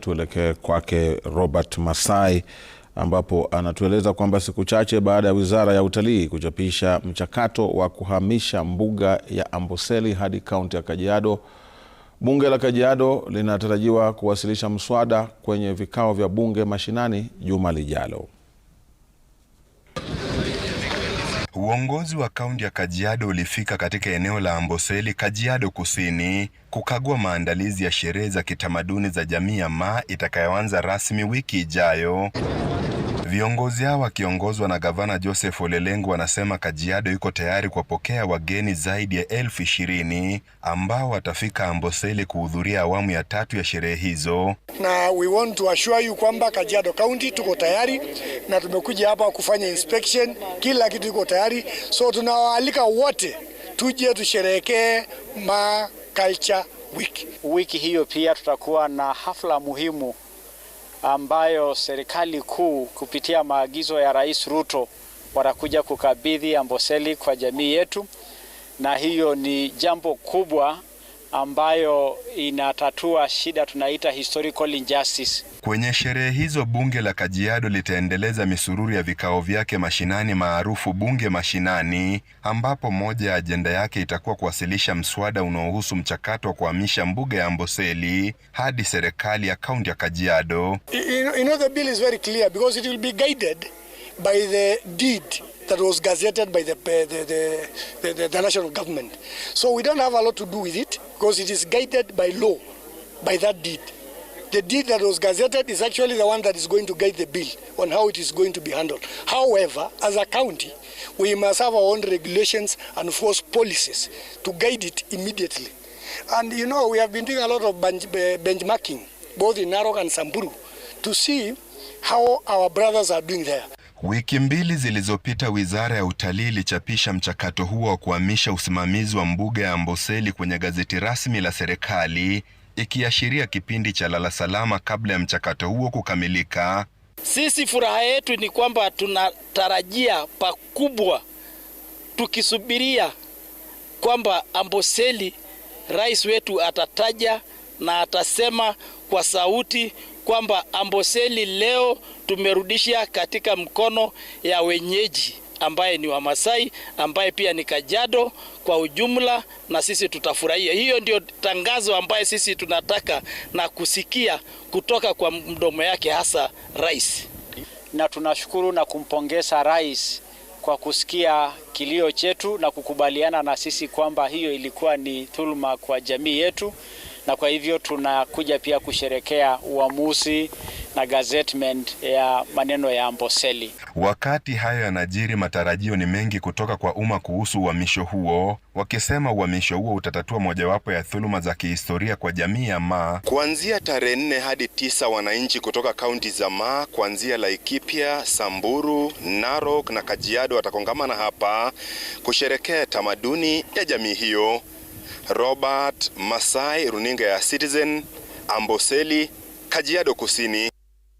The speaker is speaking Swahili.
Tuelekee kwake Robert Masai ambapo anatueleza kwamba siku chache baada ya Wizara ya Utalii kuchapisha mchakato wa kuhamisha mbuga ya Amboseli hadi kaunti ya Kajiado, Bunge la Kajiado linatarajiwa kuwasilisha mswada kwenye vikao vya bunge mashinani juma lijalo. Uongozi wa kaunti ya Kajiado ulifika katika eneo la Amboseli, Kajiado Kusini, kukagua maandalizi ya sherehe za kitamaduni za jamii ya Maa itakayoanza rasmi wiki ijayo. Viongozi hao wakiongozwa na gavana Joseph Olelengu wanasema Kajiado iko tayari kuwapokea wageni zaidi ya elfu ishirini ambao watafika Amboseli kuhudhuria awamu ya tatu ya sherehe hizo. Na we want to assure you kwamba Kajiado County tuko tayari na tumekuja hapa kufanya inspection, kila kitu iko tayari, so tunawaalika wote tuje tusherehekee ma culture week. Wiki hiyo pia tutakuwa na hafla muhimu ambayo serikali kuu kupitia maagizo ya Rais Ruto watakuja kukabidhi Amboseli kwa jamii yetu, na hiyo ni jambo kubwa ambayo inatatua shida tunaita historical injustice. Kwenye sherehe hizo bunge la Kajiado litaendeleza misururi ya vikao vyake mashinani maarufu bunge mashinani, ambapo moja ya ajenda yake itakuwa kuwasilisha mswada unaohusu mchakato wa kuhamisha mbuga ya Amboseli hadi serikali ya kaunti ya Kajiado. You know, the bill is very clear because it will be guided by the deed that was gazetted by the, the, the, the, the national government. So we don't have a lot to do with it because it is guided by law, by that deed. The deed that was gazetted is actually the one that is going to guide the bill on how it is going to be handled. However, as a county, we must have our own regulations and force policies to guide it immediately. And you know, we have been doing a lot of bench, benchmarking, both in Narok and Samburu, to see how our brothers are doing there. Wiki mbili zilizopita Wizara ya Utalii ilichapisha mchakato huo wa kuhamisha usimamizi wa mbuga ya Amboseli kwenye gazeti rasmi la serikali, ikiashiria kipindi cha lala salama kabla ya mchakato huo kukamilika. Sisi furaha yetu ni kwamba tunatarajia pakubwa, tukisubiria kwamba Amboseli rais wetu atataja na atasema kwa sauti kwamba Amboseli leo tumerudisha katika mkono ya wenyeji ambaye ni Wamasai ambaye pia ni kajado kwa ujumla, na sisi tutafurahia. Hiyo ndio tangazo ambaye sisi tunataka na kusikia kutoka kwa mdomo yake, hasa rais. Na tunashukuru na kumpongeza rais kwa kusikia kilio chetu na kukubaliana na sisi kwamba hiyo ilikuwa ni dhuluma kwa jamii yetu na kwa hivyo tunakuja pia kusherekea uamuzi na gazetment ya maneno ya Amboseli. Wakati hayo yanajiri, matarajio ni mengi kutoka kwa umma kuhusu uhamisho huo, wakisema uhamisho huo utatatua mojawapo ya dhuluma za kihistoria kwa jamii ya Maa. Kuanzia tarehe nne hadi tisa, wananchi kutoka kaunti za Maa kuanzia Laikipia, Samburu, Narok na Kajiado watakongamana hapa kusherekea tamaduni ya jamii hiyo. Robert Masai, runinga ya Citizen, Amboseli, Kajiado Kusini.